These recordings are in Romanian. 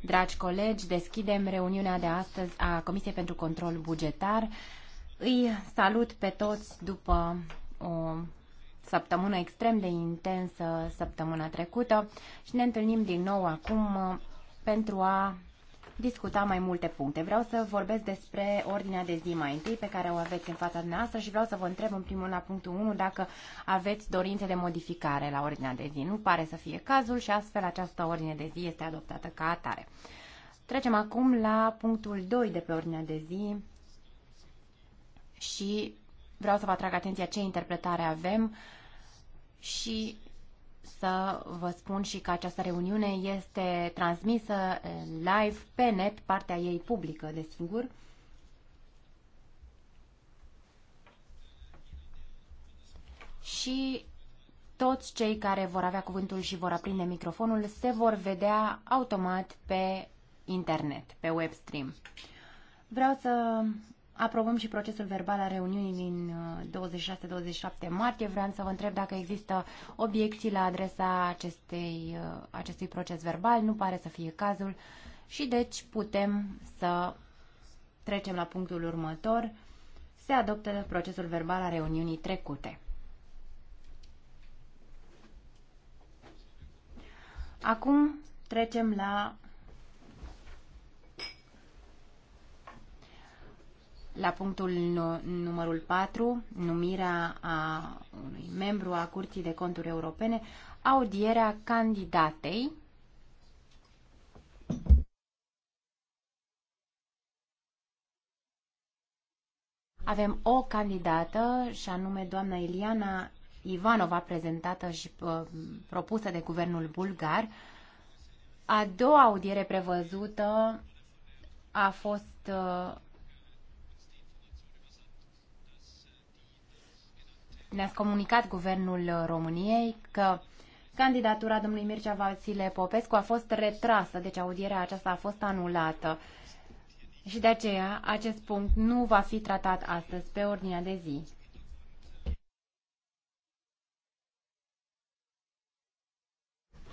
Dragi colegi, deschidem reuniunea de astăzi a Comisiei pentru Control Bugetar. Îi salut pe toți după o săptămână extrem de intensă săptămâna trecută și ne întâlnim din nou acum pentru a discuta mai multe puncte. Vreau să vorbesc despre ordinea de zi mai întâi pe care o aveți în fața dumneavoastră și vreau să vă întreb în primul la punctul 1 dacă aveți dorințe de modificare la ordinea de zi. Nu pare să fie cazul și astfel această ordine de zi este adoptată ca atare. Trecem acum la punctul 2 de pe ordinea de zi și vreau să vă atrag atenția ce interpretare avem și să vă spun și că această reuniune este transmisă eh, live pe net, partea ei publică, desigur. Și toți cei care vor avea cuvântul și vor aprinde microfonul se vor vedea automat pe internet, pe webstream. Vreau să Aprobăm și procesul verbal a reuniunii din 26-27 uh, martie. Vreau să vă întreb dacă există obiecții la adresa acestei, uh, acestui proces verbal. Nu pare să fie cazul și deci putem să trecem la punctul următor. Se adoptă procesul verbal a reuniunii trecute. Acum trecem la la punctul numărul 4, numirea a unui membru a Curții de Conturi Europene, audierea candidatei Avem o candidată, și anume doamna Iliana Ivanova, prezentată și uh, propusă de guvernul bulgar. A doua audiere prevăzută a fost uh, ne a comunicat Guvernul României că candidatura domnului Mircea Vasile Popescu a fost retrasă, deci audierea aceasta a fost anulată. Și de aceea acest punct nu va fi tratat astăzi pe ordinea de zi.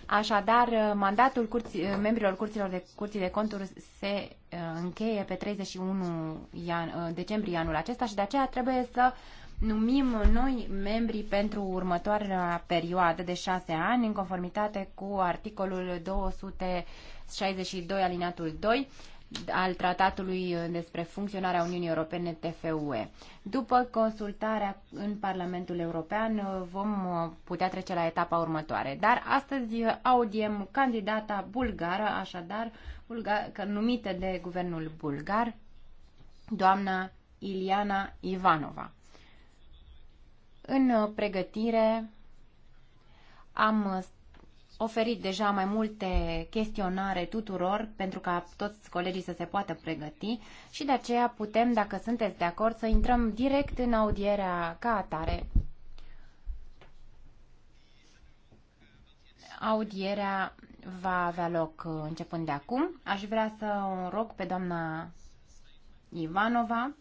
Așadar, mandatul curții, membrilor curților de, curții de conturi se uh, încheie pe 31 ian, uh, decembrie anul acesta și de aceea trebuie să numim noi membrii pentru următoarea perioadă de șase ani, în conformitate cu articolul 262 alinatul 2 al Tratatului despre funcționarea Uniunii Europene TFUE. După consultarea în Parlamentul European vom putea trece la etapa următoare. Dar astăzi audiem candidata bulgară, așadar bulgar, numită de guvernul bulgar, doamna Iliana Ivanova. În uh, pregătire am uh, oferit deja mai multe chestionare tuturor pentru ca toți colegii să se poată pregăti și de aceea putem, dacă sunteți de acord, să intrăm direct în audierea ca atare. Audierea va avea loc uh, începând de acum. Aș vrea să o rog pe doamna Ivanova,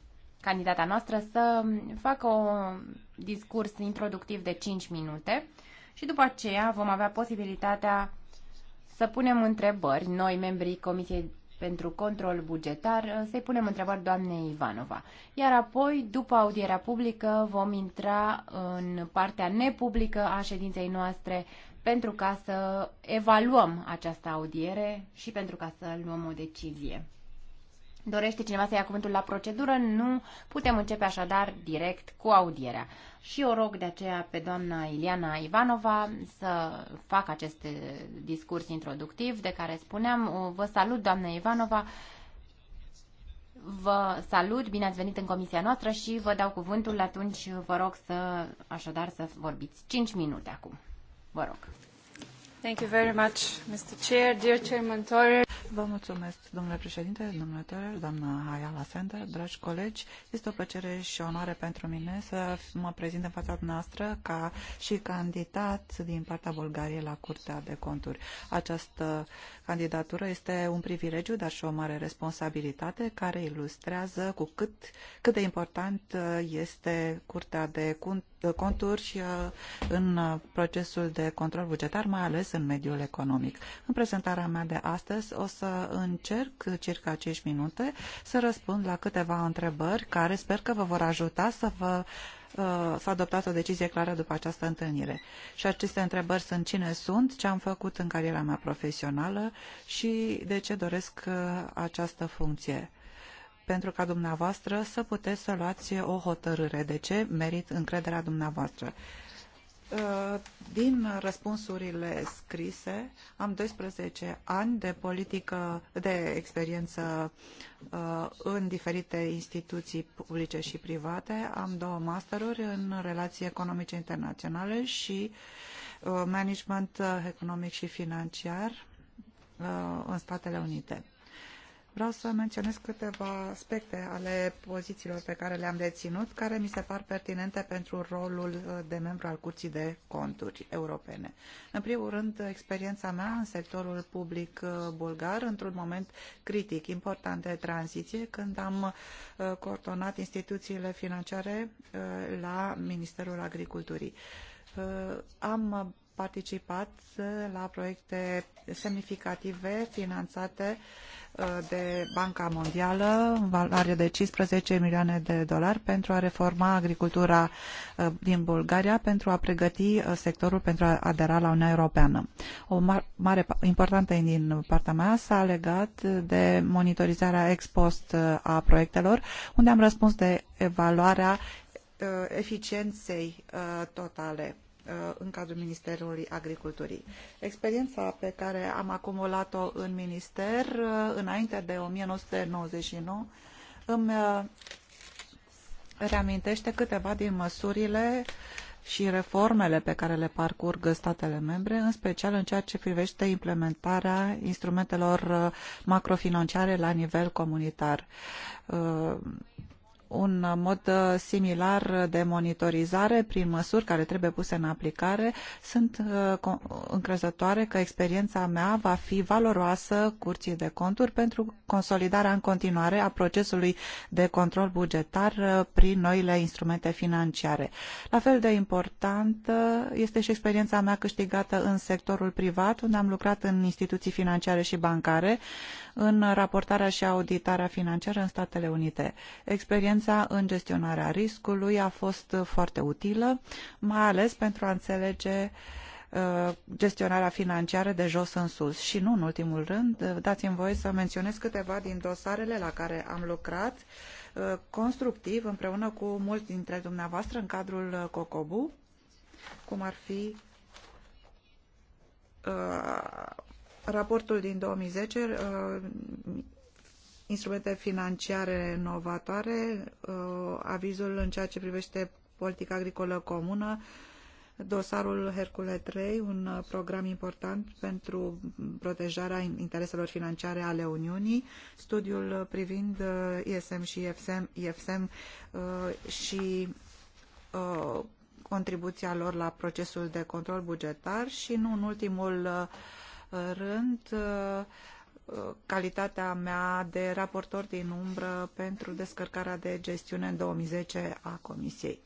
candidata noastră, să um, facă o discurs introductiv de 5 minute și după aceea vom avea posibilitatea să punem întrebări, noi, membrii Comisiei pentru Control Bugetar, să-i punem întrebări doamnei Ivanova. Iar apoi, după audierea publică, vom intra în partea nepublică a ședinței noastre pentru ca să evaluăm această audiere și pentru ca să luăm o decizie. Dorește cineva să ia cuvântul la procedură? Nu. Putem începe așadar direct cu audierea. Și o rog de aceea pe doamna Iliana Ivanova să facă acest discurs introductiv de care spuneam. Vă salut, doamna Ivanova. Vă salut, bine ați venit în comisia noastră și vă dau cuvântul atunci. Vă rog să, așadar, să vorbiți 5 minute acum. Vă rog. Thank you very much, Mr. Chair, dear Chairman Vă mulțumesc, domnule președinte, domnule Torer, doamna Ayala Sender, dragi colegi. Este o plăcere și o onoare pentru mine să mă prezint în fața noastră ca și candidat din partea Bulgariei la Curtea de Conturi. Această candidatură este un privilegiu, dar și o mare responsabilitate care ilustrează cu cât, cât de important este Curtea de Conturi conturi uh, în uh, procesul de control bugetar, mai ales în mediul economic. În prezentarea mea de astăzi o să încerc circa 5 minute să răspund la câteva întrebări care sper că vă vor ajuta să vă uh, s-a adoptat o decizie clară după această întâlnire. Și aceste întrebări sunt cine sunt, ce am făcut în cariera mea profesională și de ce doresc această funcție pentru ca dumneavoastră să puteți să luați o hotărâre. De ce merit încrederea dumneavoastră? Uh, din răspunsurile scrise, am 12 ani de politică, de experiență uh, în diferite instituții publice și private. Am două masteruri în relații economice internaționale și uh, management economic și financiar în Statele Unite. Vreau să menționez câteva aspecte ale pozițiilor pe care le-am deținut, care mi se par pertinente pentru rolul uh, de membru al Curții de Conturi Europene. În primul rând, experiența mea în sectorul public uh, bulgar, într-un moment critic important de tranziție, când am uh, coordonat instituțiile financiare la Ministerul Agriculturii. Am participat la proiecte semnificative finanțate uh, de Banca Mondială în valoare de 15 milioane de dolari pentru a reforma agricultura uh, din Bulgaria, pentru a pregăti uh, sectorul pentru a adera la Uniunea Europeană. O mare importantă din partea mea s-a legat de monitorizarea ex post a proiectelor, unde am răspuns de evaluarea eficienței totale Uh, în cadrul Ministerului Agriculturii. Experiența pe care am acumulat-o în minister uh, înainte de 1999 îmi uh, reamintește câteva din măsurile și reformele pe care le parcurg statele membre, în special în ceea ce privește implementarea instrumentelor macrofinanciare la nivel comunitar un mod uh, similar de monitorizare prin măsuri care trebuie puse în aplicare. Sunt uh, încrezătoare că experiența mea va fi valoroasă curții de conturi pentru consolidarea în continuare a procesului de control bugetar uh, prin noile instrumente financiare. La fel de important este și experiența mea câștigată în sectorul privat, unde am lucrat în instituții financiare și bancare, în raportarea și auditarea financiară în Statele Unite. Experiența în gestionarea riscului a fost foarte utilă, mai ales pentru a înțelege uh, gestionarea financiară de jos în sus. Și nu în ultimul rând, uh, dați-mi voie să menționez câteva din dosarele la care am lucrat uh, constructiv împreună cu mulți dintre dumneavoastră în cadrul COCOBU, cum ar fi Raportul din 2010, uh, instrumente financiare novatoare, uh, avizul în ceea ce privește politica agricolă comună, dosarul Hercule 3, un program important pentru protejarea intereselor financiare ale Uniunii, studiul privind uh, ISM și IFSM, IFSM și contribuția lor la procesul de control bugetar și, nu în ultimul rând uh, calitatea mea de raportor din umbră pentru descărcarea de gestiune în 2010 a Comisiei.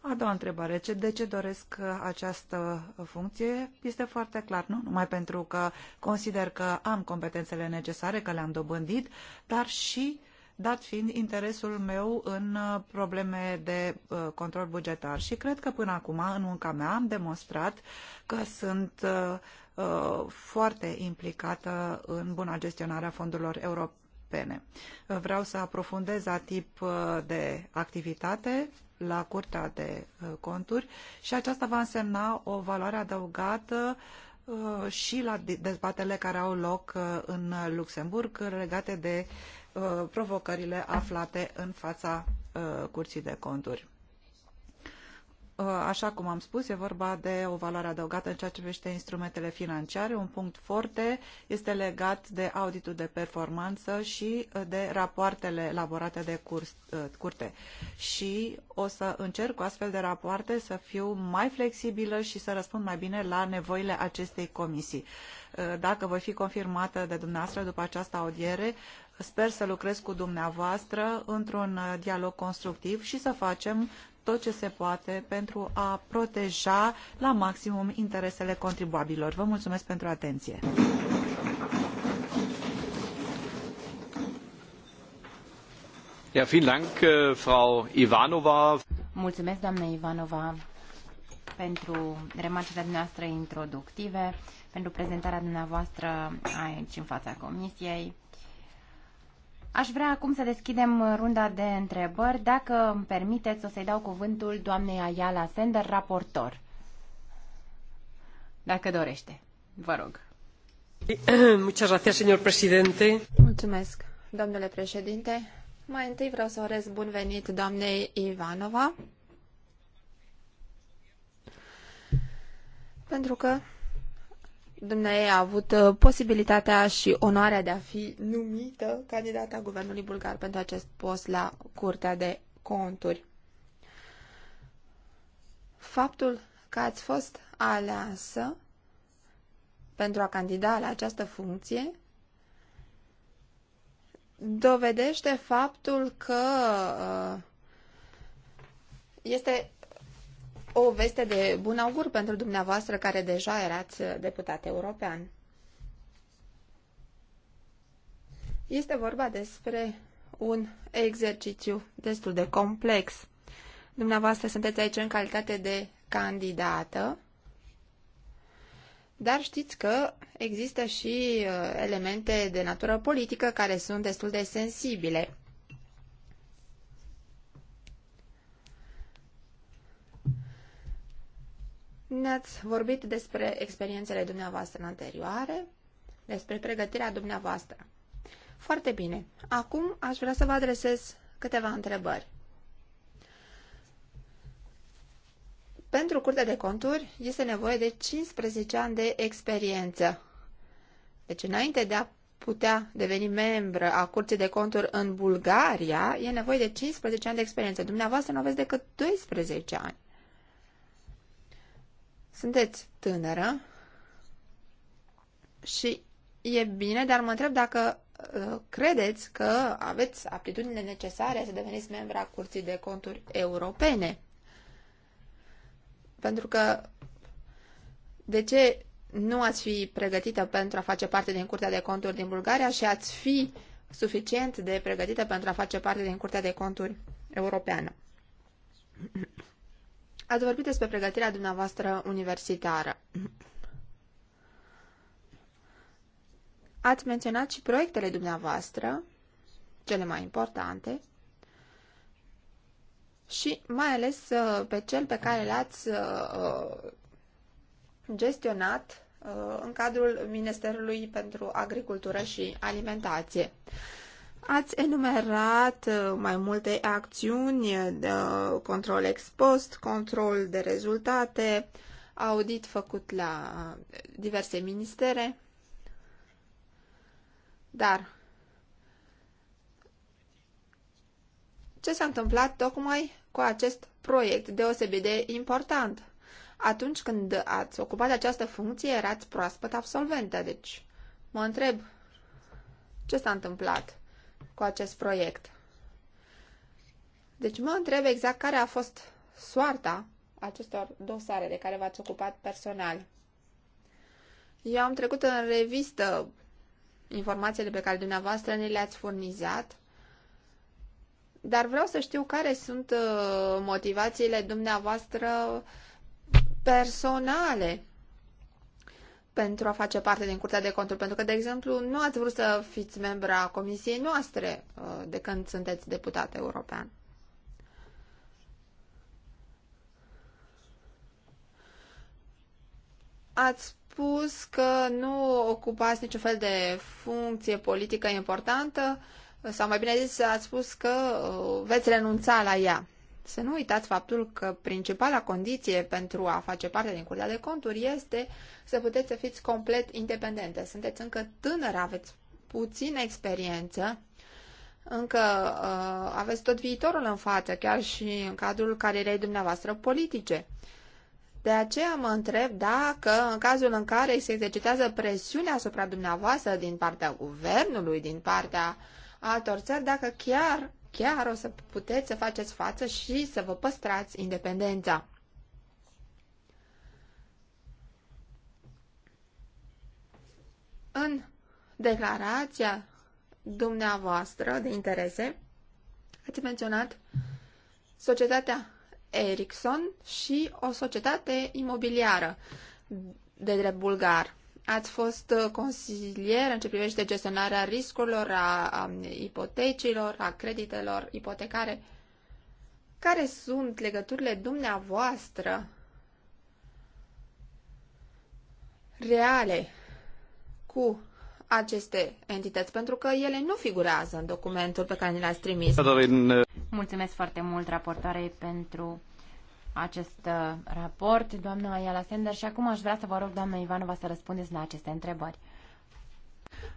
A doua întrebare. Ce, de ce doresc această funcție? Este foarte clar, nu numai pentru că consider că am competențele necesare, că le-am dobândit, dar și dat fiind interesul meu în probleme de uh, control bugetar. Și cred că până acum, în munca mea, am demonstrat că sunt uh, Uh, foarte implicată în buna gestionare a fondurilor europene. Uh, vreau să aprofundez a tip uh, de activitate la Curtea de Conturi și aceasta va însemna o valoare adăugată și la dezbatele care au loc în Luxemburg legate de provocările aflate în fața Curții de Conturi. Uh, așa cum am spus, e vorba de o valoare adăugată în ceea ce privește instrumentele financiare. Un punct foarte este legat de auditul de performanță și uh, de rapoartele elaborate de curs, uh, curte. Și o să încerc cu astfel de rapoarte să fiu mai flexibilă și să răspund mai bine la nevoile acestei comisii. Dacă voi fi confirmată de dumneavoastră după această audiere, Sper să lucrez cu dumneavoastră într-un dialog constructiv și să facem tot ce se poate pentru a proteja la maximum interesele contribuabilor. Vă mulțumesc pentru atenție. Ja, vielen Dank, äh, Frau Ivanova. Mulțumesc, doamne Ivanova, pentru remarcile dumneavoastră introductive, pentru prezentarea dumneavoastră aici în fața Comisiei. Aș vrea acum să deschidem runda de întrebări. Dacă îmi permiteți, o să-i dau cuvântul doamnei Ayala Sender, raportor. Dacă dorește. Vă rog. Mulțumesc, domnule președinte. Mai întâi vreau să urez bun venit doamnei Ivanova, pentru că Dumnezeu a avut uh, posibilitatea și onoarea de a fi numită candidata guvernului bulgar pentru acest post la Curtea de Conturi. Faptul că ați fost aleasă pentru a candida la această funcție dovedește faptul că uh, este o veste de bun augur pentru dumneavoastră care deja erați deputat european. Este vorba despre un exercițiu destul de complex. Dumneavoastră sunteți aici în calitate de candidată, dar știți că există și uh, elemente de natură politică care sunt destul de sensibile. Ne-ați vorbit despre experiențele dumneavoastră anterioare, despre pregătirea dumneavoastră. Foarte bine. Acum aș vrea să vă adresez câteva întrebări. Pentru curtea de conturi este nevoie de 15 ani de experiență. Deci înainte de a putea deveni membră a curții de conturi în Bulgaria, e nevoie de 15 ani de experiență. Dumneavoastră nu aveți decât 12 ani sunteți tânără și e bine, dar mă întreb dacă uh, credeți că aveți aptitudinile necesare să deveniți membra Curții de Conturi Europene. Pentru că de ce nu ați fi pregătită pentru a face parte din Curtea de Conturi din Bulgaria și ați fi suficient de pregătită pentru a face parte din Curtea de Conturi Europeană? Ați vorbit despre pregătirea dumneavoastră universitară. Ați menționat și proiectele dumneavoastră, cele mai importante, și mai ales uh, pe cel pe care l-ați uh, uh, gestionat în cadrul Ministerului pentru Agricultură și Alimentație. Ați enumerat uh, mai multe acțiuni uh, de uh, control ex post, control de rezultate, audit făcut la diverse ministere, dar ce s-a întâmplat tocmai cu acest proiect deosebit de important? Atunci când ați ocupat această funcție, erați proaspăt absolventă, deci mă întreb ce s-a întâmplat cu acest proiect. Deci mă întreb exact care a fost soarta acestor dosare de care v-ați ocupat personal. Eu am trecut în revistă informațiile pe care dumneavoastră ne le-ați furnizat, dar vreau să știu care sunt uh, motivațiile dumneavoastră personale pentru a face parte din Curtea de Conturi? Pentru că, de exemplu, nu ați vrut să fiți membra comisiei noastre uh, de când sunteți deputat european. Ați spus că nu ocupați niciun fel de funcție politică importantă, sau mai bine zis, ați spus că uh, veți renunța la ea. Să nu uitați faptul că principala condiție pentru a face parte din Curtea de Conturi este să puteți să fiți complet independente. Sunteți încă tânără, aveți puțină experiență, încă uh, aveți tot viitorul în față, chiar și în cadrul carierei dumneavoastră politice. De aceea mă întreb dacă, în cazul în care se exercitează presiunea asupra dumneavoastră din partea guvernului, din partea altor țări, dacă chiar chiar o să puteți să faceți față și să vă păstrați independența. În declarația dumneavoastră de interese, ați menționat societatea Ericsson și o societate imobiliară de drept bulgar. Ați fost uh, consilier în ce privește gestionarea riscurilor, a, a ipotecilor, a creditelor ipotecare. Care sunt legăturile dumneavoastră reale cu aceste entități, pentru că ele nu figurează în documentul pe care ne l-ați trimis. Uh, Mulțumesc foarte mult raportoare, pentru acest uh, raport, doamna Ayala Sender, și acum aș vrea să vă rog, doamna Ivanova, să răspundeți la aceste întrebări.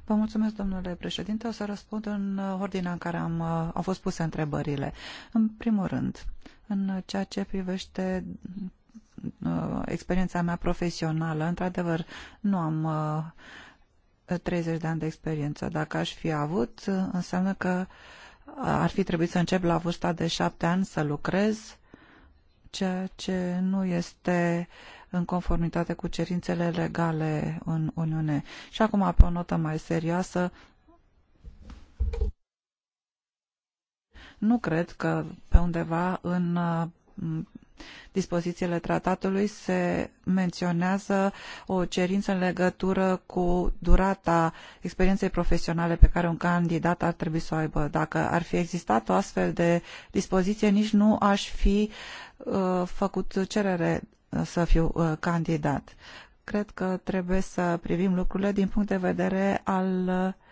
Vă mulțumesc, domnule președinte. O să răspund în ordinea în care am, uh, au fost puse întrebările. În primul rând, în ceea ce privește uh, experiența mea profesională, într-adevăr, nu am 30 de ani de experiență. Dacă aș fi avut, înseamnă că ar fi trebuit să încep la vârsta de 7 ani să lucrez ceea ce nu este în conformitate cu cerințele legale în Uniune. Și acum, pe o notă mai serioasă, nu cred că pe undeva în dispozițiile tratatului se menționează o cerință în legătură cu durata experienței profesionale pe care un candidat ar trebui să o aibă. Dacă ar fi existat o astfel de dispoziție, nici nu aș fi uh, făcut cerere uh, să fiu uh, candidat. Cred că trebuie să privim lucrurile din punct de vedere al uh,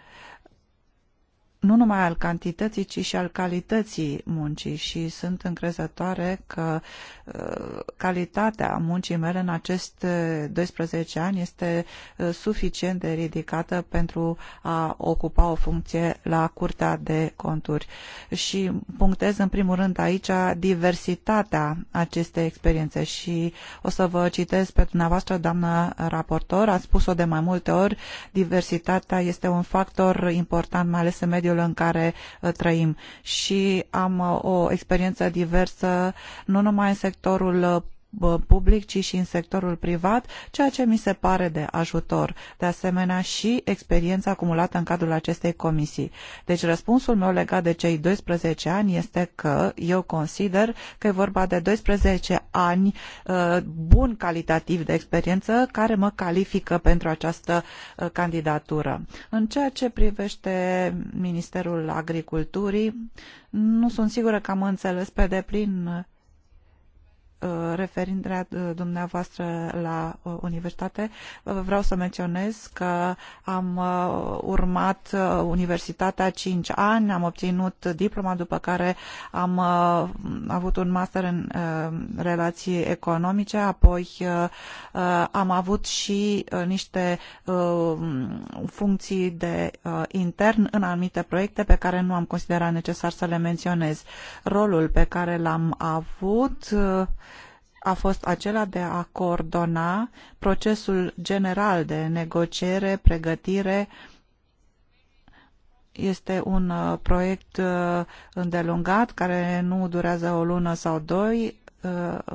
nu numai al cantității, ci și al calității muncii și sunt încrezătoare că uh, calitatea muncii mele în acest 12 uh, ani este uh, suficient de ridicată pentru a ocupa o funcție la Curtea de Conturi. Și punctez în primul rând aici diversitatea acestei experiențe și o să vă citesc pe dumneavoastră, doamnă raportor, a spus-o de mai multe ori, diversitatea este un factor important, mai ales în mediul mediul în care uh, trăim și am uh, o experiență diversă nu numai în sectorul uh, public, ci și în sectorul privat, ceea ce mi se pare de ajutor. De asemenea, și experiența acumulată în cadrul acestei comisii. Deci, răspunsul meu legat de cei 12 ani este că eu consider că e vorba de 12 ani uh, bun calitativ de experiență care mă califică pentru această uh, candidatură. În ceea ce privește Ministerul Agriculturii, nu sunt sigură că am înțeles pe deplin uh, Uh, referindu-ne uh, dumneavoastră la uh, universitate, vreau să menționez că am urmat universitatea 5 ani, am obținut diploma, după care am avut un master în relații economice, apoi am avut și niște funcții de intern în anumite proiecte pe care nu am considerat necesar să le menționez. Rolul pe care l-am avut a fost acela de a coordona procesul general de negociere, pregătire. Este un uh, proiect uh, îndelungat care nu durează o lună sau doi,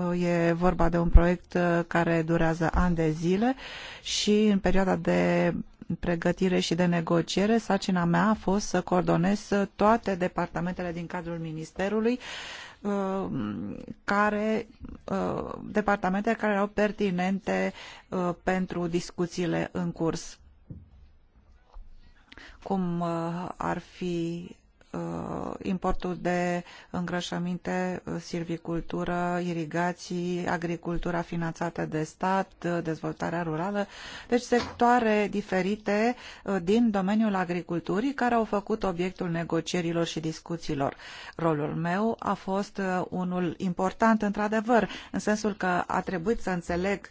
uh, e vorba de un proiect care durează ani de zile și în perioada de pregătire și de negociere, sacina mea a fost să coordonez toate departamentele din cadrul Ministerului care Uh, departamente care erau pertinente uh, pentru discuțiile în curs, cum uh, ar fi Uh, importul de îngrășăminte, uh, silvicultură, irigații, agricultura finanțată de stat, uh, dezvoltarea rurală, deci sectoare diferite din domeniul agriculturii care au făcut obiectul negocierilor și discuțiilor. Rolul meu a fost unul important, într-adevăr, în sensul că a trebuit să înțeleg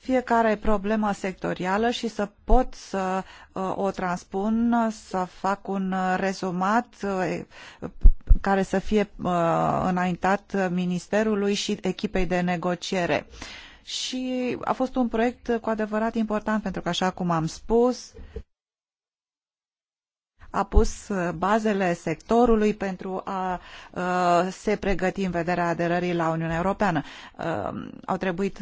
fiecare problemă sectorială și să pot să uh, o transpun, să fac un rezumat uh, care să fie uh, înaintat ministerului și echipei de negociere. Și a fost un proiect cu adevărat important pentru că, așa cum am spus, a pus bazele sectorului pentru a se pregăti în vederea aderării la Uniunea Europeană. Au trebuit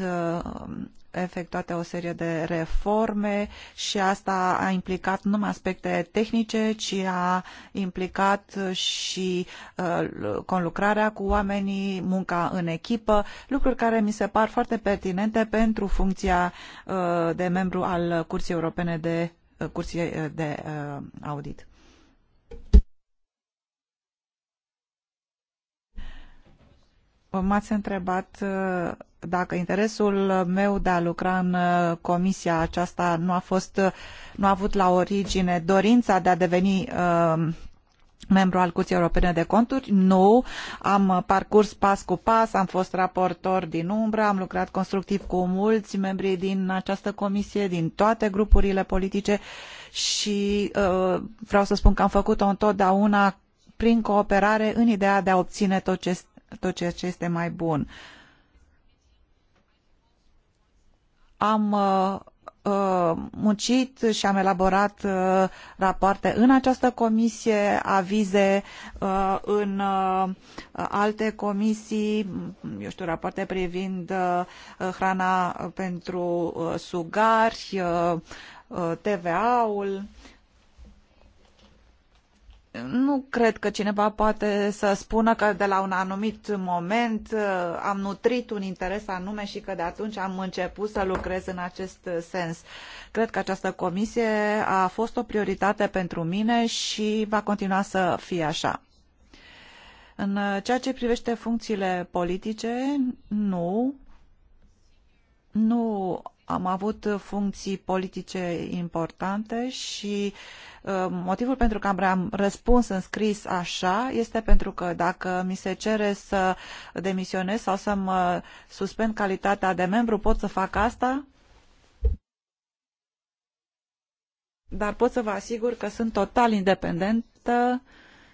efectuate o serie de reforme și asta a implicat nu numai aspecte tehnice, ci a implicat și uh, conlucrarea cu oamenii, munca în echipă, lucruri care mi se par foarte pertinente pentru funcția uh, de membru al Curții Europene de uh, Curții uh, de uh, Audit. M-ați întrebat uh, dacă interesul meu de a lucra în uh, comisia aceasta nu a fost, uh, nu a avut la origine dorința de a deveni membru al Curții Europene de Conturi? Nu. Am parcurs pas cu pas, am fost raportor din umbră, am lucrat constructiv cu mulți membri din această comisie, din toate grupurile politice și uh, vreau să spun că am făcut-o întotdeauna prin cooperare în ideea de a obține tot ce tot ceea ce este mai bun. Am uh, uh, muncit și am elaborat uh, rapoarte în această comisie, avize în alte comisii, mm, eu știu, rapoarte privind hrana pentru sugari, TVA-ul nu cred că cineva poate să spună că de la un anumit moment uh, am nutrit un interes anume și că de atunci am început să lucrez în acest sens. Cred că această comisie a fost o prioritate pentru mine și va continua să fie așa. În uh, ceea ce privește funcțiile politice, nu. Nu am avut funcții politice importante și uh, motivul pentru care am răspuns în scris așa este pentru că dacă mi se cere să demisionez sau să mă suspend calitatea de membru, pot să fac asta? Dar pot să vă asigur că sunt total independentă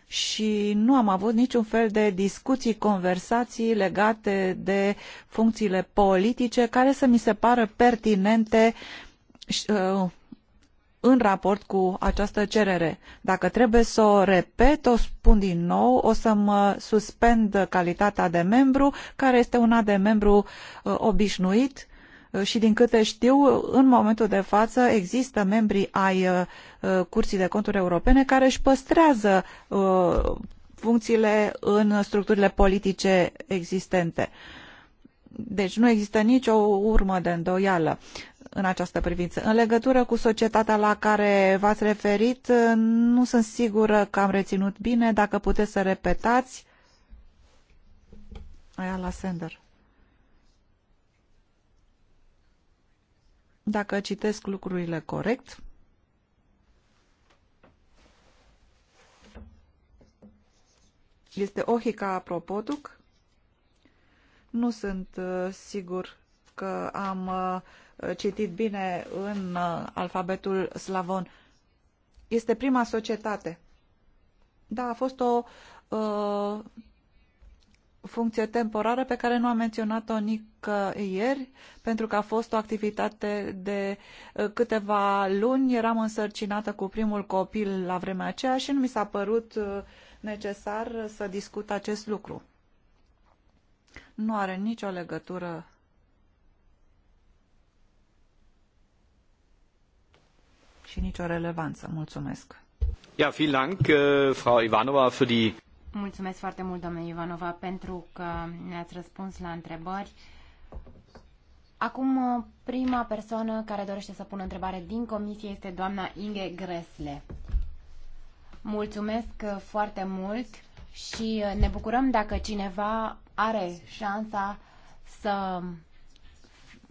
și nu am avut niciun fel de discuții, conversații legate de funcțiile politice care să mi se pară pertinente uh, în raport cu această cerere. Dacă trebuie să o repet, o spun din nou, o să-mi suspend calitatea de membru, care este una de membru uh, obișnuit și din câte știu, în momentul de față există membri ai uh, Curții de Conturi Europene care își păstrează uh, funcțiile în structurile politice existente. Deci nu există nicio urmă de îndoială în această privință. În legătură cu societatea la care v-ați referit, uh, nu sunt sigură că am reținut bine. Dacă puteți să repetați. Aia la sender. Dacă citesc lucrurile corect, este Ohica Apropoduc. Nu sunt uh, sigur că am uh, citit bine în uh, alfabetul slavon. Este prima societate. Da, a fost o uh, funcție temporară pe care nu am menționat-o nicăieri, pentru că a fost o activitate de uh, câteva luni. Eram însărcinată cu primul copil la vremea aceea și nu mi s-a părut uh, necesar să discut acest lucru. Nu are nicio legătură și nicio relevanță. Mulțumesc. Ja, vielen Dank, äh, Frau Ivanova, für die Mulțumesc foarte mult, domnule Ivanova, pentru că ne-ați răspuns la întrebări. Acum, prima persoană care dorește să pună întrebare din comisie este doamna Inge Gresle. Mulțumesc foarte mult și ne bucurăm dacă cineva are șansa să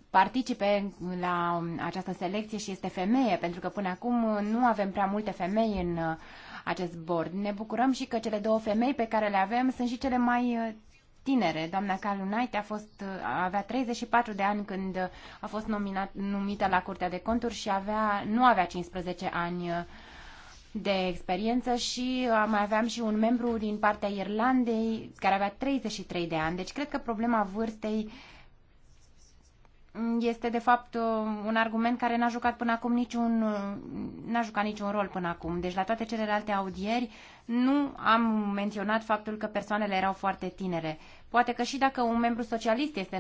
participe la această selecție și este femeie, pentru că până acum nu avem prea multe femei în acest bord. Ne bucurăm și că cele două femei pe care le avem sunt și cele mai uh, tinere. Doamna Knight a fost, uh, avea 34 de ani când uh, a fost nominat, numită la Curtea de Conturi și avea, nu avea 15 ani de experiență și mai aveam și un membru din partea Irlandei care avea 33 de ani. Deci cred că problema vârstei uh, este de fapt uh, un argument care n-a jucat până acum niciun, uh, n-a jucat niciun rol până acum. Deci la toate celelalte audieri nu am menționat faptul că persoanele erau foarte tinere. Poate că și dacă un membru socialist este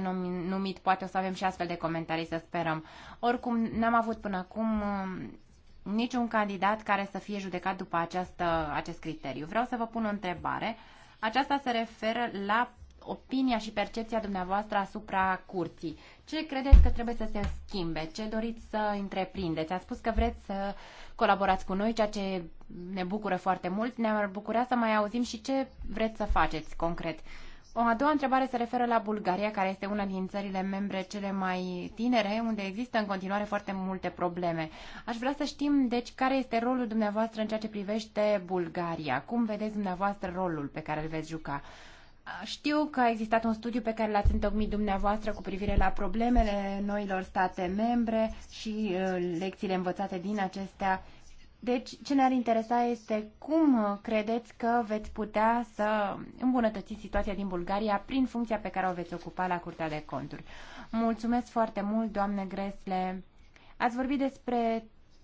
numit, poate o să avem și astfel de comentarii, să sperăm. Oricum, n-am avut până acum uh, niciun candidat care să fie judecat după această, acest criteriu. Vreau să vă pun o întrebare. Aceasta se referă la opinia și percepția dumneavoastră asupra curții. Ce credeți că trebuie să se schimbe? Ce doriți să întreprindeți? Ați spus că vreți să colaborați cu noi, ceea ce ne bucură foarte mult. Ne-ar bucura să mai auzim și ce vreți să faceți concret. O a doua întrebare se referă la Bulgaria, care este una din țările membre cele mai tinere, unde există în continuare foarte multe probleme. Aș vrea să știm, deci, care este rolul dumneavoastră în ceea ce privește Bulgaria? Cum vedeți dumneavoastră rolul pe care îl veți juca? Știu că a existat un studiu pe care l-ați întocmit dumneavoastră cu privire la problemele noilor state membre și uh, lecțiile învățate din acestea. Deci, ce ne-ar interesa este cum credeți că veți putea să îmbunătățiți situația din Bulgaria prin funcția pe care o veți ocupa la Curtea de Conturi. Mulțumesc foarte mult, doamne Gresle. Ați vorbit despre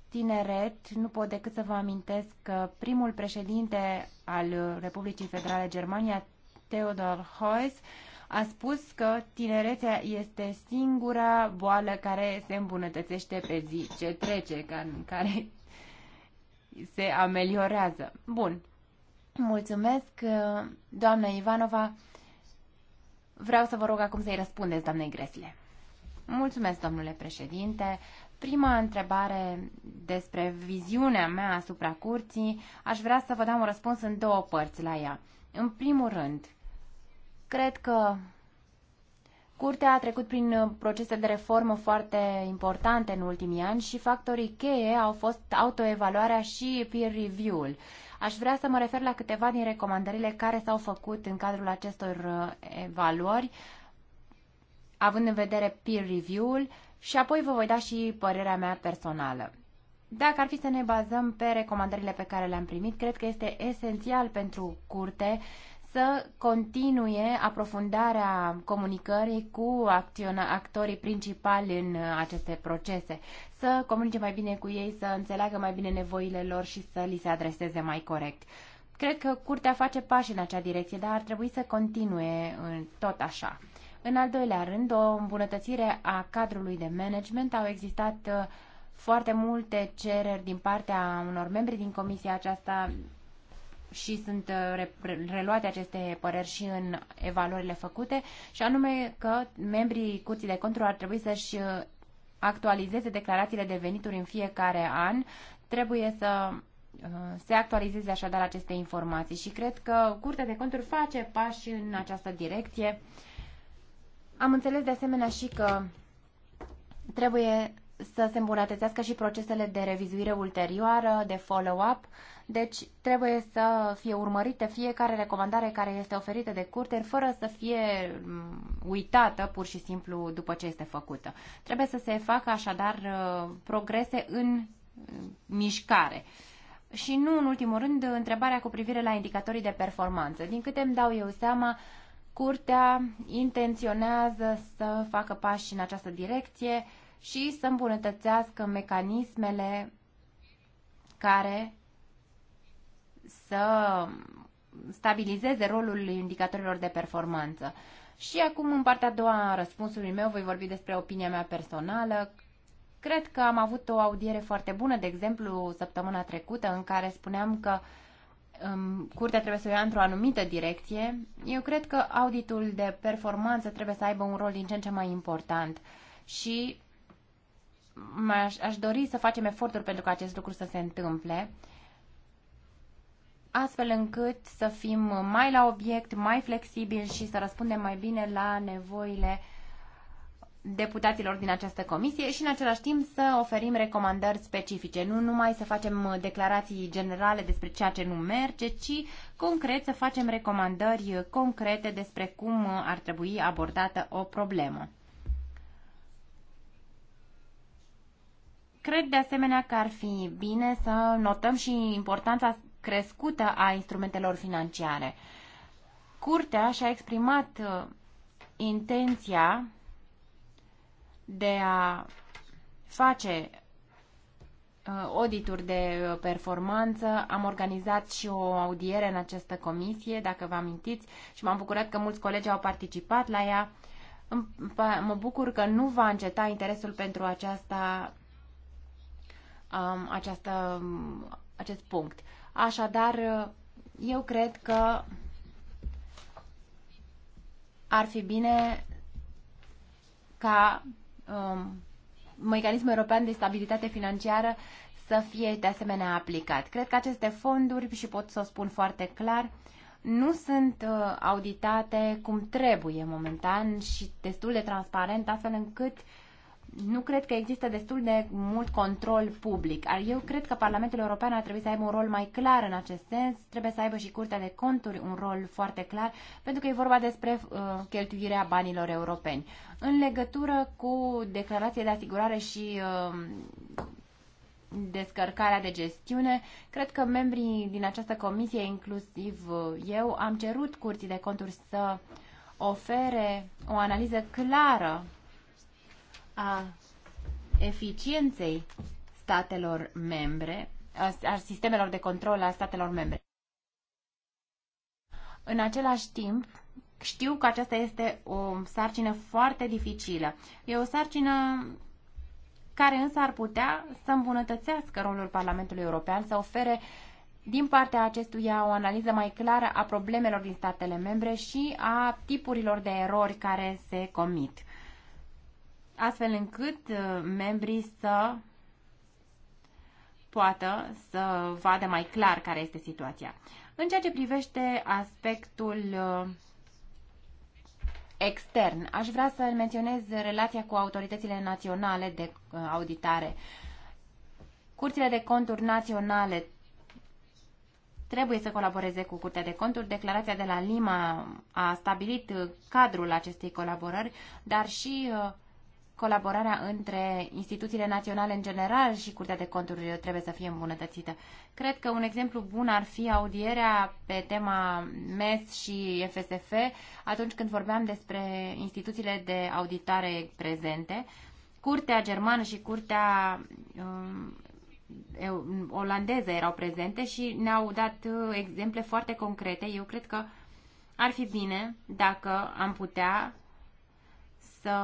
tineret, nu pot decât să vă amintesc că primul președinte al Republicii Federale Germania, Theodor Heuss a spus că tinerețea este singura boală care se îmbunătățește pe zi ce trece, care se ameliorează. Bun. Mulțumesc, doamna Ivanova. Vreau să vă rog acum să-i răspundeți, doamnei Gresle. Mulțumesc, domnule președinte. Prima întrebare despre viziunea mea asupra curții, aș vrea să vă dau un răspuns în două părți la ea. În primul rând, Cred că Curtea a trecut prin uh, procese de reformă foarte importante în ultimii ani și factorii cheie au fost autoevaluarea și peer review-ul. Aș vrea să mă refer la câteva din recomandările care s-au făcut în cadrul acestor uh, evaluări, având în vedere peer review-ul și apoi vă voi da și părerea mea personală. Dacă ar fi să ne bazăm pe recomandările pe care le-am primit, cred că este esențial pentru curte să continue aprofundarea comunicării cu actorii principali în uh, aceste procese, să comunice mai bine cu ei, să înțeleagă mai bine nevoile lor și să li se adreseze mai corect. Cred că curtea face pași în acea direcție, dar ar trebui să continue uh, tot așa. În al doilea rând, o îmbunătățire a cadrului de management. Au existat uh, foarte multe cereri din partea unor membri din comisia aceasta și sunt uh, reluate aceste păreri și în evaluările făcute, și anume că membrii Curții de Conturi ar trebui să-și uh, actualizeze declarațiile de venituri în fiecare an, trebuie să uh, se actualizeze așadar aceste informații și cred că Curtea de Conturi face pași în această direcție. Am înțeles de asemenea și că trebuie să se îmbunătățească și procesele de revizuire ulterioară, de follow-up, deci trebuie să fie urmărită fiecare recomandare care este oferită de curte, fără să fie mm, uitată pur și simplu după ce este făcută. Trebuie să se facă așadar uh, progrese în uh, mișcare. Și nu în ultimul rând, întrebarea cu privire la indicatorii de performanță. Din câte îmi dau eu seama, curtea intenționează să facă pași în această direcție și să îmbunătățească mecanismele care să stabilizeze rolul indicatorilor de performanță. Și acum, în partea a doua a răspunsului meu, voi vorbi despre opinia mea personală. Cred că am avut o audiere foarte bună, de exemplu, săptămâna trecută, în care spuneam că um, curtea trebuie să o ia într-o anumită direcție. Eu cred că auditul de performanță trebuie să aibă un rol din ce în ce mai important și aș, aș dori să facem eforturi pentru ca acest lucru să se întâmple astfel încât să fim mai la obiect, mai flexibili și să răspundem mai bine la nevoile deputaților din această comisie și în același timp să oferim recomandări specifice, nu numai să facem declarații generale despre ceea ce nu merge, ci concret să facem recomandări concrete despre cum ar trebui abordată o problemă. Cred de asemenea că ar fi bine să notăm și importanța crescută a instrumentelor financiare. Curtea și-a exprimat uh, intenția de a face uh, audituri de performanță. Am organizat și o audiere în această comisie, dacă vă amintiți, și m-am bucurat că mulți colegi au participat la ea. Mă bucur că nu va înceta interesul pentru aceasta, um, această acest punct. Așadar, eu cred că ar fi bine ca um, mecanismul european de stabilitate financiară să fie de asemenea aplicat. Cred că aceste fonduri, și pot să o spun foarte clar, nu sunt uh, auditate cum trebuie momentan și destul de transparent, astfel încât uh, nu cred că există destul de mult control public. Eu cred că Parlamentul European ar trebui să aibă un rol mai clar în acest sens, trebuie să aibă și Curtea de Conturi un rol foarte clar, pentru că e vorba despre uh, cheltuirea banilor europeni. În legătură cu declarația de asigurare și uh, descărcarea de gestiune, cred că membrii din această comisie, inclusiv uh, eu, am cerut Curții de Conturi să ofere o analiză clară a eficienței statelor membre, a, sistemelor de control a statelor membre. În același timp, știu că aceasta este o sarcină foarte dificilă. E o sarcină care însă ar putea să îmbunătățească rolul Parlamentului European, să ofere din partea acestuia o analiză mai clară a problemelor din statele membre și a tipurilor de erori care se comit astfel încât uh, membrii să poată să vadă mai clar care este situația. În ceea ce privește aspectul uh, extern, aș vrea să menționez relația cu autoritățile naționale de uh, auditare. Curțile de conturi naționale trebuie să colaboreze cu Curtea de Conturi. Declarația de la Lima a stabilit cadrul acestei colaborări, dar și colaborarea între instituțiile naționale în general și Curtea de Conturi trebuie să fie îmbunătățită. Cred că un exemplu bun ar fi audierea pe tema MES și FSF atunci când vorbeam despre instituțiile de auditare prezente. Curtea germană și curtea um, olandeză erau prezente și ne-au dat uh, exemple foarte concrete. Eu cred că ar fi bine dacă am putea să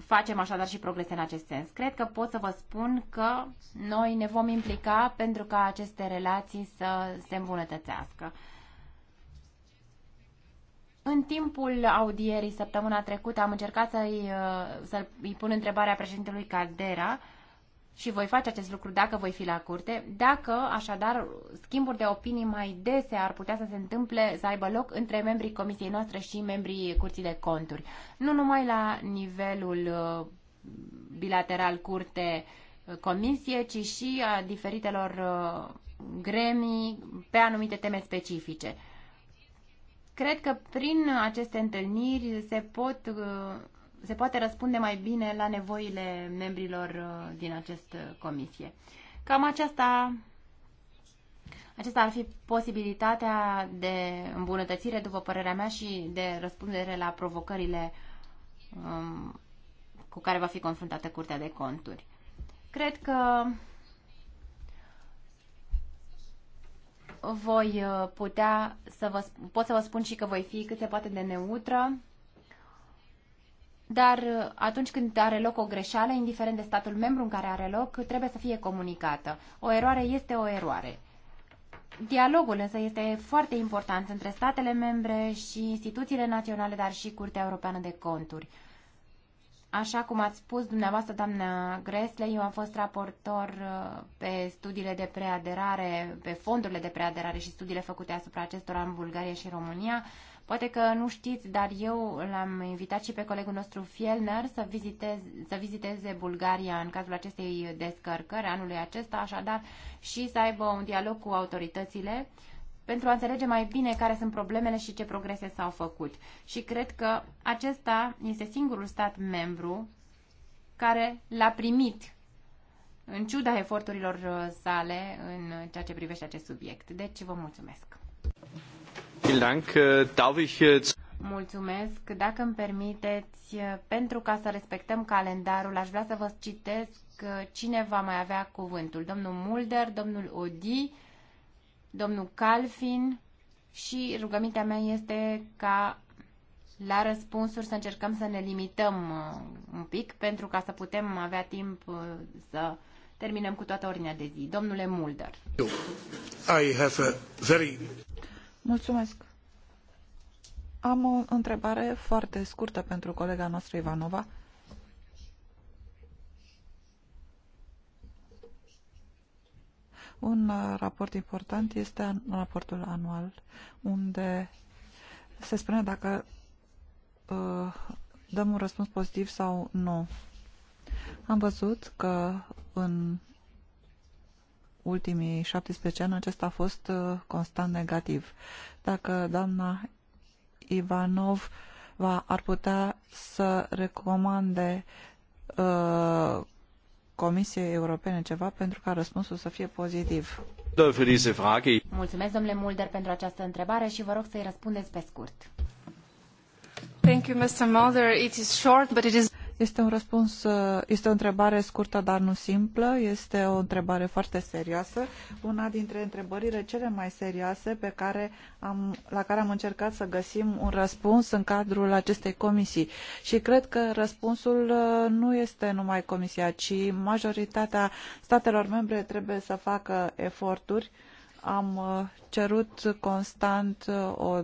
facem așadar și progrese în acest sens. Cred că pot să vă spun că noi ne vom implica pentru ca aceste relații să se îmbunătățească. În timpul audierii săptămâna trecută am încercat să-i, să-i pun întrebarea președintelui Caldera și voi face acest lucru dacă voi fi la curte, dacă, așadar, schimburi de opinii mai dese ar putea să se întâmple, să aibă loc între membrii comisiei noastre și membrii curții de conturi. Nu numai la nivelul uh, bilateral curte uh, comisie, ci și a diferitelor uh, gremii pe anumite teme specifice. Cred că prin aceste întâlniri se pot se poate răspunde mai bine la nevoile membrilor uh, din această comisie. Cam aceasta, aceasta ar fi posibilitatea de îmbunătățire, după părerea mea, și de răspundere la provocările um, cu care va fi confruntată Curtea de Conturi. Cred că voi uh, putea să vă, pot să vă spun și că voi fi cât se poate de neutră dar uh, atunci când are loc o greșeală, indiferent de statul membru în care are loc, trebuie să fie comunicată. O eroare este o eroare. Dialogul însă este foarte important între statele membre și instituțiile naționale, dar și Curtea Europeană de Conturi. Așa cum ați spus dumneavoastră, doamna Gresle, eu am fost raportor uh, pe studiile de preaderare, pe fondurile de preaderare și studiile făcute asupra acestora în Bulgaria și România. Poate că nu știți, dar eu l-am invitat și pe colegul nostru Fielner să, vizitez, să viziteze Bulgaria în cazul acestei descărcări anului acesta, așadar, și să aibă un dialog cu autoritățile pentru a înțelege mai bine care sunt problemele și ce progrese s-au făcut. Și cred că acesta este singurul stat membru care l-a primit în ciuda eforturilor sale în ceea ce privește acest subiect. Deci vă mulțumesc! Äh, äh, Mulțumesc. Dacă îmi permiteți, uh, pentru ca să respectăm calendarul, aș vrea să vă citesc uh, cine va mai avea cuvântul. Domnul Mulder, domnul Odi, domnul Calfin și rugămintea mea este ca la răspunsuri să încercăm să ne limităm uh, un pic pentru ca să putem avea timp să terminăm cu toată ordinea de zi. Domnule Mulder. I have a very Mulțumesc. Am o întrebare foarte scurtă pentru colega noastră Ivanova. Un uh, raport important este raportul anual, unde se spune dacă uh, dăm un răspuns pozitiv sau nu. Am văzut că în ultimii 17 ani acesta a fost uh, constant negativ. Dacă doamna Ivanov va, ar putea să recomande uh, Comisiei Europene ceva pentru ca răspunsul să fie pozitiv. Mulțumesc, domnule Mulder, pentru această întrebare și vă rog să-i răspundeți pe scurt. Thank you, Mr. Mulder. It is short, but it is... Este un răspuns, uh, este o întrebare scurtă, dar nu simplă, este o întrebare foarte serioasă, una dintre întrebările cele mai serioase pe care am, la care am încercat să găsim un răspuns în cadrul acestei comisii. Și cred că răspunsul uh, nu este numai comisia, ci majoritatea statelor membre trebuie să facă eforturi am uh, cerut constant o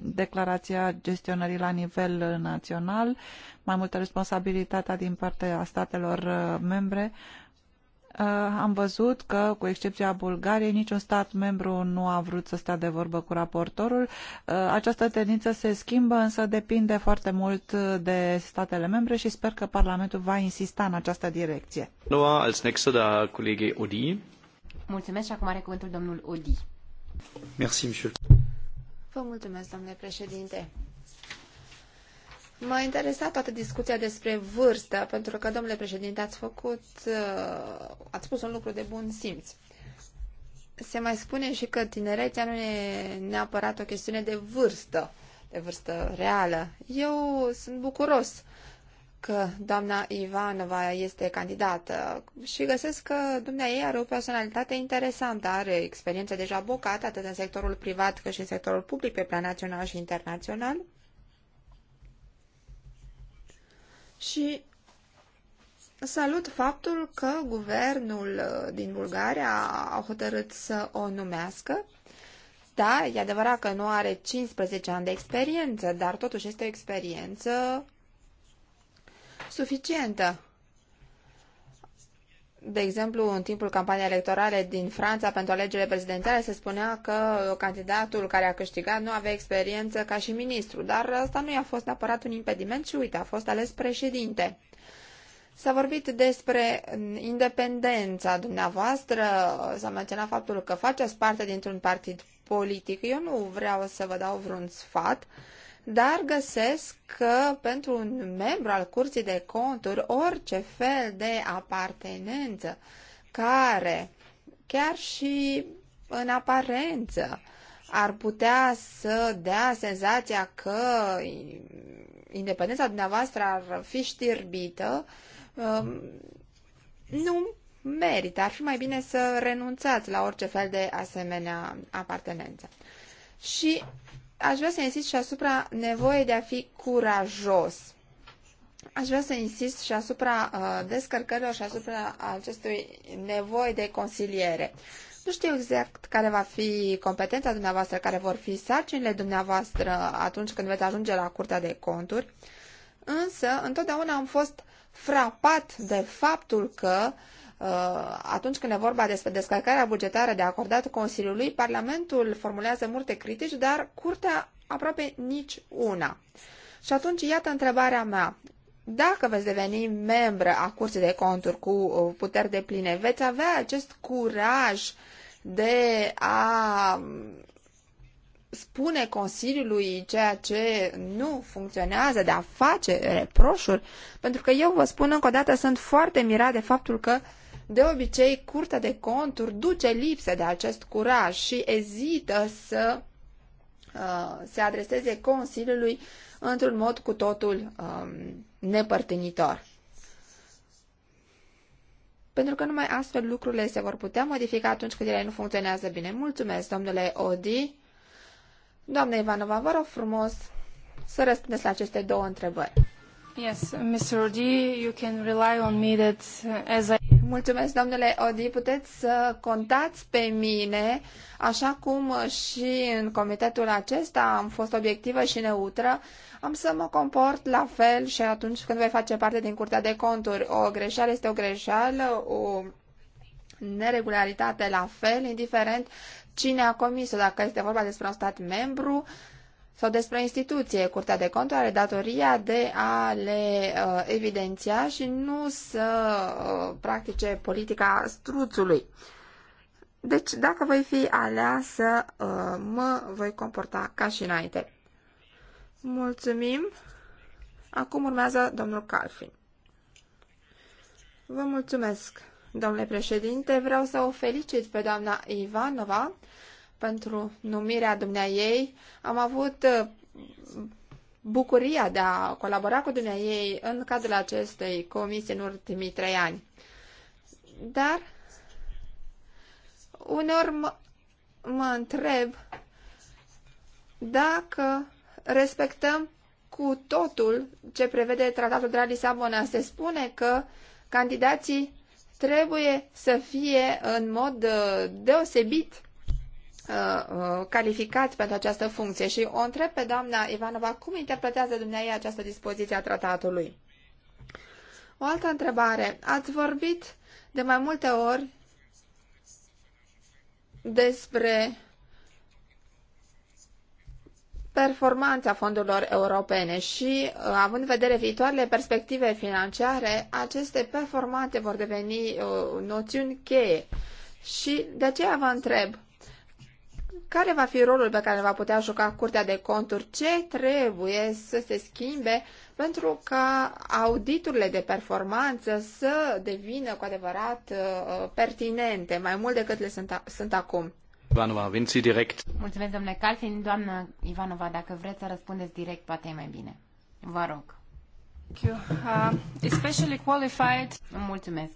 declarația gestionării la nivel uh, național, mai multă responsabilitatea din partea statelor uh, membre. Uh, am văzut că, cu excepția Bulgariei, niciun stat membru nu a vrut să stea de vorbă cu raportorul. Această tendință se schimbă, însă depinde foarte mult de statele membre și sper că Parlamentul va insista în această direcție. Als nächster da, Kollege Odi. Mulțumesc și acum are cuvântul domnul Odi. Merci, monsieur. Vă mulțumesc, domnule președinte. M-a interesat toată discuția despre vârstă, pentru că, domnule președinte, ați făcut, uh, ați spus un lucru de bun simț. Se mai spune și că tinerețea nu e neapărat o chestiune de vârstă, de vârstă reală. Eu sunt bucuros că doamna Ivanova este candidată și găsesc că dumnea ei are o personalitate interesantă, are experiență deja bocată atât în sectorul privat cât și în sectorul public pe plan național și internațional. Și salut faptul că guvernul uh, din Bulgaria a hotărât să o numească. Da, e adevărat că nu are 15 ani de experiență, dar totuși este o experiență suficientă. De exemplu, în timpul campaniei electorale din Franța pentru alegerile prezidențiale se spunea că candidatul care a câștigat nu avea experiență ca și ministru, dar asta nu i-a fost neapărat un impediment și uite, a fost ales președinte. S-a vorbit despre independența dumneavoastră, s-a menționat faptul că faceți parte dintr-un partid politic. Eu nu vreau să vă dau vreun sfat, uh, dar găsesc că pentru un membru al curții de conturi, orice fel de apartenență care, chiar și în aparență, ar putea să dea senzația că independența dumneavoastră ar fi știrbită, um, nu merită. Ar fi mai bine să renunțați la orice fel de asemenea apartenență. Și aș vrea să insist și asupra nevoii de a fi curajos. Aș vrea să insist și asupra uh, descărcărilor și asupra acestui nevoi de consiliere. Nu știu exact care va fi competența dumneavoastră, care vor fi sarcinile dumneavoastră atunci când veți ajunge la Curtea de Conturi, însă întotdeauna am fost frapat de faptul că uh, Uh, atunci când e vorba despre descărcarea bugetară de acordat Consiliului, Parlamentul formulează multe critici, dar Curtea aproape nici una. Și atunci, iată întrebarea mea. Dacă veți deveni membră a Curții de Conturi cu uh, puteri de pline, veți avea acest curaj de a um, spune Consiliului ceea ce nu funcționează, de a face reproșuri, pentru că eu vă spun încă o dată, sunt foarte mirat de faptul că uh, de obicei, Curtea de Conturi duce lipsă de acest curaj și ezită să uh, se adreseze Consiliului într-un mod cu totul um, nepărtinitor. Pentru că numai astfel lucrurile se vor putea modifica atunci când ele nu funcționează bine. Mulțumesc, domnule Odi. Doamne Ivanova, vă rog frumos să răspundeți la aceste două întrebări. Yes, Mr. Odi, you can rely on me that uh, as I... Mulțumesc, domnule Odi, puteți să contați pe mine, așa cum și în comitetul acesta am fost obiectivă și neutră, am să mă comport la fel și atunci când voi face parte din Curtea de Conturi. O greșeală este o greșeală, o neregularitate la fel, indiferent cine a comis-o, dacă este vorba despre un stat membru sau despre instituție. Curtea de conturi are datoria de a le uh, evidenția și nu să uh, practice politica struțului. Deci, dacă voi fi aleasă, uh, mă voi comporta ca și înainte. Mulțumim. Acum urmează domnul Calfin. Vă mulțumesc, domnule președinte. Vreau să o felicit pe doamna Ivanova pentru numirea ei. Am avut uh, bucuria de a colabora cu ei în cadrul acestei comisii în ultimii trei ani. Dar uneori mă, mă întreb dacă respectăm cu totul ce prevede tratatul de la Lisabona. Se spune că candidații trebuie să fie în mod uh, deosebit Uh, uh, calificați pentru această funcție și o întreb pe doamna Ivanova cum interpretează dumneavoastră această dispoziție a tratatului. O altă întrebare. Ați vorbit de mai multe ori despre performanța fondurilor europene și, uh, având în vedere viitoarele perspective financiare, aceste performante vor deveni noțiuni cheie. Și de aceea vă întreb, care va fi rolul pe care va putea juca Curtea de Conturi? Ce trebuie să se schimbe pentru ca auditurile de performanță să devină cu adevărat uh, uh pertinente, mai mult decât le sunt, sunt acum? Ivanova, vinți direct. Mulțumesc, domnule Calfin. Doamnă Ivanova, dacă vreți să răspundeți direct, poate e mai bine. Vă rog. Thank you. Uh, especially qualified. Mulțumesc.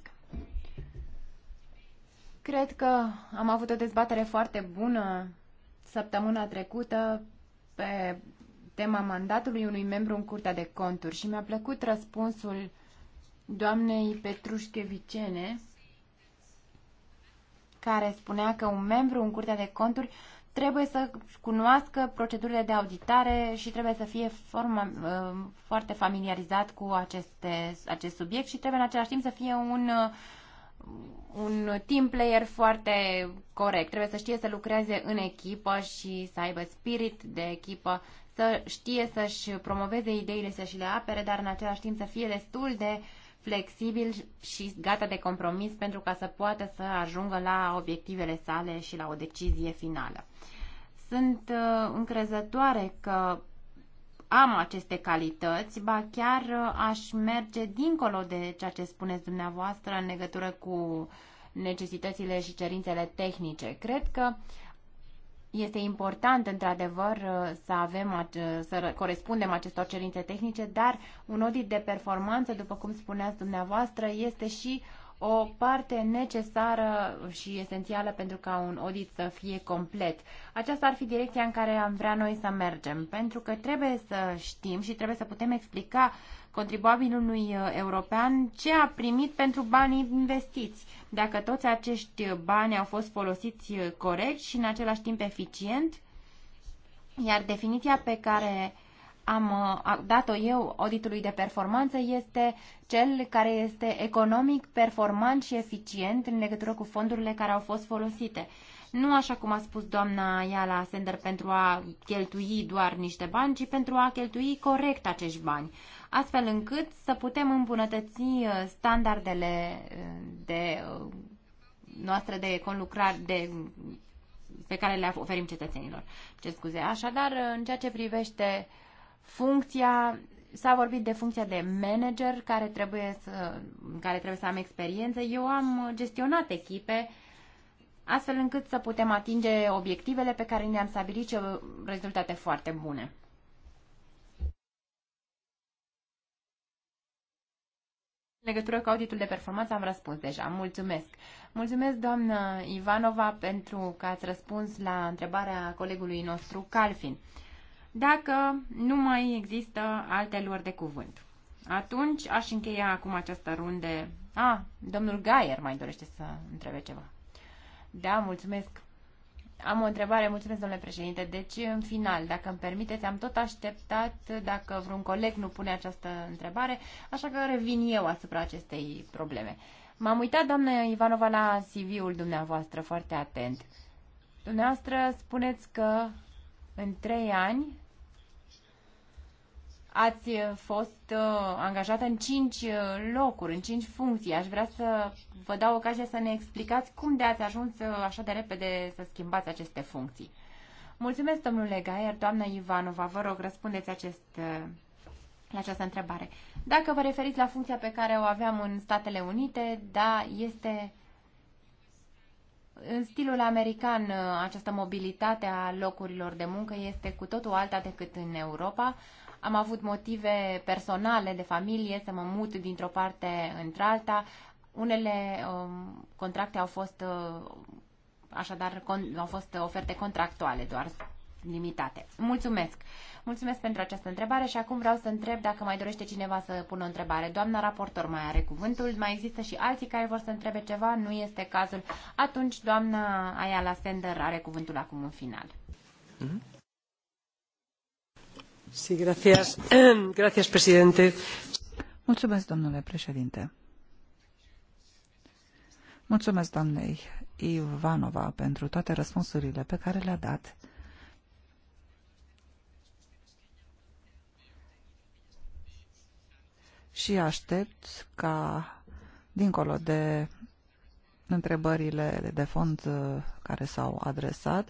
Cred că am avut o dezbatere foarte bună săptămâna trecută pe tema mandatului unui membru în Curtea de Conturi și mi-a plăcut răspunsul doamnei Petrușchevicene, care spunea că un membru în Curtea de Conturi trebuie să cunoască procedurile de auditare și trebuie să fie forma, uh, foarte familiarizat cu aceste, acest subiect și trebuie în același timp să fie un uh, un team player foarte corect. Trebuie să știe să lucreze în echipă și să aibă spirit de echipă, să știe să-și promoveze ideile, să-și le apere, dar în același timp să fie destul de flexibil și gata de compromis pentru ca să poată să ajungă la obiectivele sale și la o decizie finală. Sunt uh, încrezătoare că am aceste calități, ba chiar uh, aș merge dincolo de ceea ce spuneți dumneavoastră în legătură cu necesitățile și cerințele tehnice. Cred că este important, într-adevăr, uh, să avem, să corespundem acestor cerințe tehnice, dar un audit de performanță, după cum spuneați dumneavoastră, este și o parte necesară și esențială pentru ca un audit să fie complet. Aceasta ar fi direcția în care am vrea noi să mergem, pentru că trebuie să știm și trebuie să putem explica contribuabilului uh, european ce a primit pentru banii investiți. Dacă toți acești bani au fost folosiți uh, corect și în același timp eficient, iar definiția pe care am uh, dat-o eu auditului de performanță este cel care este economic, performant și eficient în legătură cu fondurile care au fost folosite. Nu așa cum a spus doamna Iala Sender pentru a cheltui doar niște bani, ci pentru a cheltui corect acești bani, astfel încât să putem îmbunătăți uh, standardele uh, de noastre de conlucrare, de pe care le oferim cetățenilor. Ce scuze. Așadar, în ceea ce privește uh, Funcția S-a vorbit de funcția de manager care trebuie să, care trebuie să am experiență. Eu am gestionat echipe astfel încât să putem atinge obiectivele pe care ne-am stabilit și rezultate foarte bune. În legătură cu auditul de performanță am răspuns deja. Mulțumesc. Mulțumesc, doamnă Ivanova, pentru că ați răspuns la întrebarea colegului nostru, Calfin dacă nu mai există alte luări de cuvânt. Atunci aș încheia acum această runde. A, ah, domnul Gaier mai dorește să întrebe ceva. Da, mulțumesc. Am o întrebare, mulțumesc, domnule președinte. Deci, în final, dacă îmi permiteți, am tot așteptat dacă vreun coleg nu pune această întrebare, așa că revin eu asupra acestei probleme. M-am uitat, doamnă Ivanova, la CV-ul dumneavoastră foarte atent. Dumneavoastră spuneți că în trei ani ați uh, fost uh, angajată în cinci uh, locuri, în cinci funcții. Aș vrea să vă dau ocazia să ne explicați cum de ați ajuns așa de repede să schimbați aceste funcții. Mulțumesc, domnule Gaier. Doamna Ivanova, vă rog, răspundeți acest, la această întrebare. Dacă vă referiți la funcția pe care o aveam în Statele Unite, da, este în stilul american această mobilitate a locurilor de muncă este cu totul alta decât în Europa. Am avut motive personale de familie să mă mut dintr-o parte într-alta. Unele um, contracte au fost, uh, așadar, con- au fost oferte contractuale doar limitate. Mulțumesc! Mulțumesc pentru această întrebare și acum vreau să întreb dacă mai dorește cineva să pună o întrebare. Doamna raportor mai are cuvântul, mai există și alții care vor să întrebe ceva, nu este cazul. Atunci doamna Ayala Sender are cuvântul acum în final. Mm-hmm. Mulțumesc, domnule președinte. Mulțumesc, doamnei Ivanova, pentru toate răspunsurile pe care le-a dat. Și aștept ca, dincolo de întrebările de fond uh, care s-au adresat,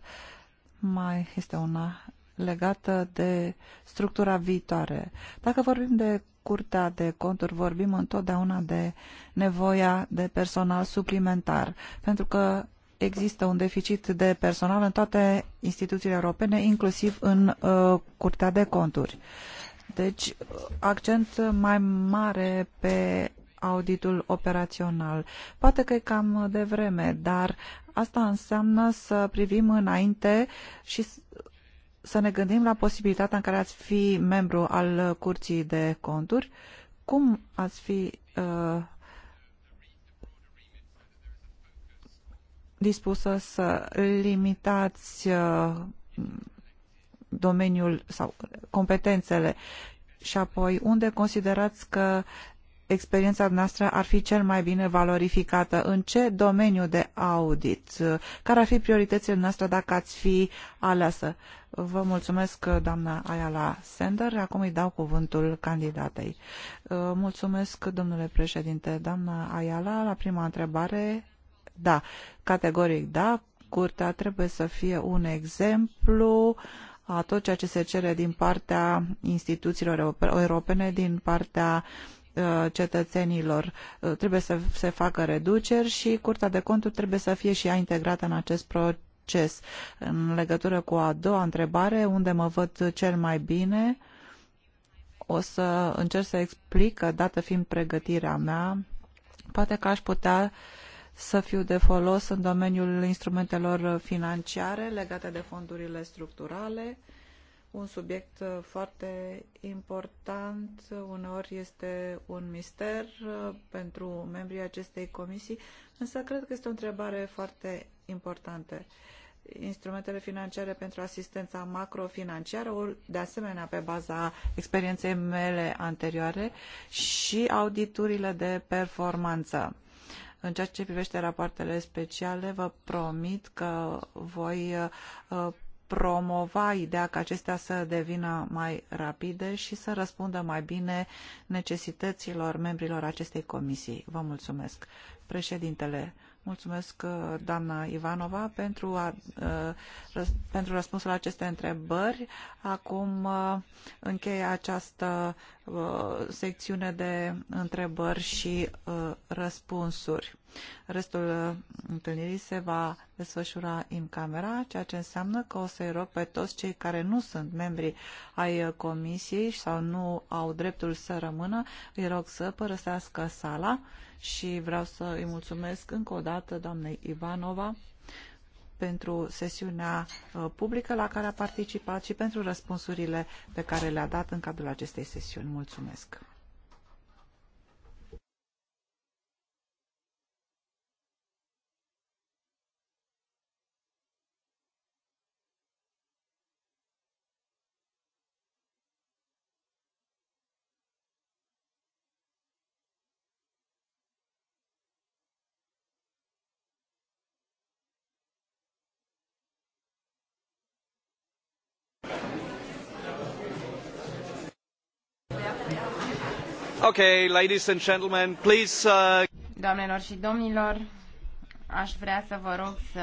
mai este una legată de structura viitoare. Dacă vorbim de Curtea de Conturi, vorbim întotdeauna de nevoia de personal suplimentar, pentru că există un deficit de personal în toate instituțiile europene, inclusiv în uh, Curtea de Conturi. Deci, accent mai mare pe auditul operațional. Poate că e cam devreme, dar asta înseamnă să privim înainte și să ne gândim la posibilitatea în care ați fi membru al uh, Curții de Conturi. Cum ați fi uh, dispusă să limitați uh, domeniul sau competențele și apoi unde considerați că experiența noastră ar fi cel mai bine valorificată? În ce domeniu de audit? Care ar fi prioritățile noastre dacă ați fi aleasă? Vă mulțumesc, doamna Ayala Sender. Acum îi dau cuvântul candidatei. Ă, mulțumesc, domnule președinte. Doamna Ayala, la prima întrebare, da, categoric da, curtea trebuie să fie un exemplu a tot ceea ce se cere din partea instituțiilor europene, din partea uh, Uh, cetățenilor. Uh, trebuie să se facă reduceri și Curtea de Conturi trebuie să fie și ea integrată în acest proces. În legătură cu a doua întrebare, unde mă văd cel mai bine, o să încerc să explic că, dată fiind pregătirea mea, poate că aș putea să fiu de folos în domeniul instrumentelor financiare legate de fondurile structurale, un subiect uh, foarte important, uh, uneori este un mister uh, pentru membrii acestei comisii, însă cred că este o întrebare foarte importantă. Instrumentele financiare pentru asistența macrofinanciară, de asemenea pe baza experienței mele anterioare, și auditurile de performanță. În ceea ce privește rapoartele speciale, vă promit că voi promova ideea ca acestea să devină mai rapide și să răspundă mai bine necesităților membrilor acestei comisii. Vă mulțumesc. Președintele, mulțumesc uh, doamna Ivanova pentru, a, uh, pentru răspunsul la aceste întrebări. Acum uh, încheie această secțiune de întrebări și răspunsuri. Restul uh, întâlnirii se va desfășura în camera, ceea ce înseamnă că o să-i rog pe toți cei care nu sunt membri ai uh, comisiei sau nu au dreptul să rămână, îi rog să părăsească sala și vreau să îi mulțumesc încă o dată doamnei Ivanova pentru sesiunea uh, publică la care a participat și pentru răspunsurile pe care le-a dat în cadrul acestei sesiuni. Mulțumesc! ladies and gentlemen, please. Uh, Doamnelor și domnilor, aș vrea să vă rog să